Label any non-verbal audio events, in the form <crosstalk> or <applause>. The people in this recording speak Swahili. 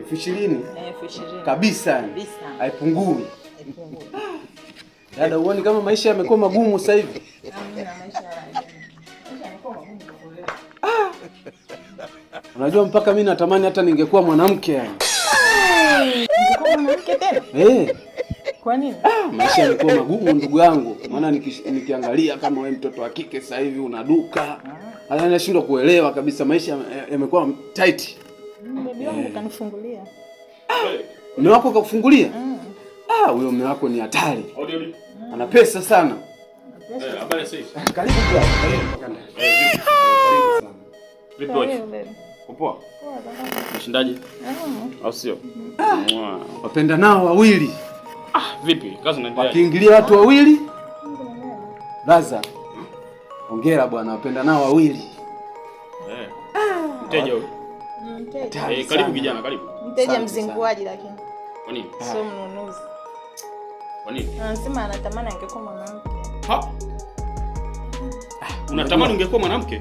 elfu ishirini kabisa, haipungui. <laughs> Dada, huoni kama maisha yamekuwa magumu sasa hivi? <laughs> Unajua, mpaka mi natamani hata ningekuwa mwanamke yani. <laughs> Eh. Kwa nini? Ah, maisha yamekuwa magumu ndugu yangu, maana nikiangalia kama we mtoto wa kike sasa hivi unaduka, duka ah. nashindwa kuelewa kabisa, maisha yamekuwa tight mlaji wangu kanifungulia. Eh, mume wako kakufungulia? Mm. Ah, huyo mume wako ni hatari. Mm. Ana pesa sana. Eh, eh, karibu kwa. Mshindaji mm. au sio? Ah, wapenda nao wawili. Ah, vipi? Kazi inaendelea. Wakiingilia watu wawili. Raza. Ah, Hongera bwana, wapenda nao wawili. Eh. Mteja huyo. Mteja. Eh, karibu kijana, karibu. Mteja mzinguaji lakini. Kwa nini? Sio ah. mnunuzi. Kwa nini? Anasema anatamani angekuwa mwanamke. Ha? Hmm. Ah, unatamani ungekuwa mwanamke?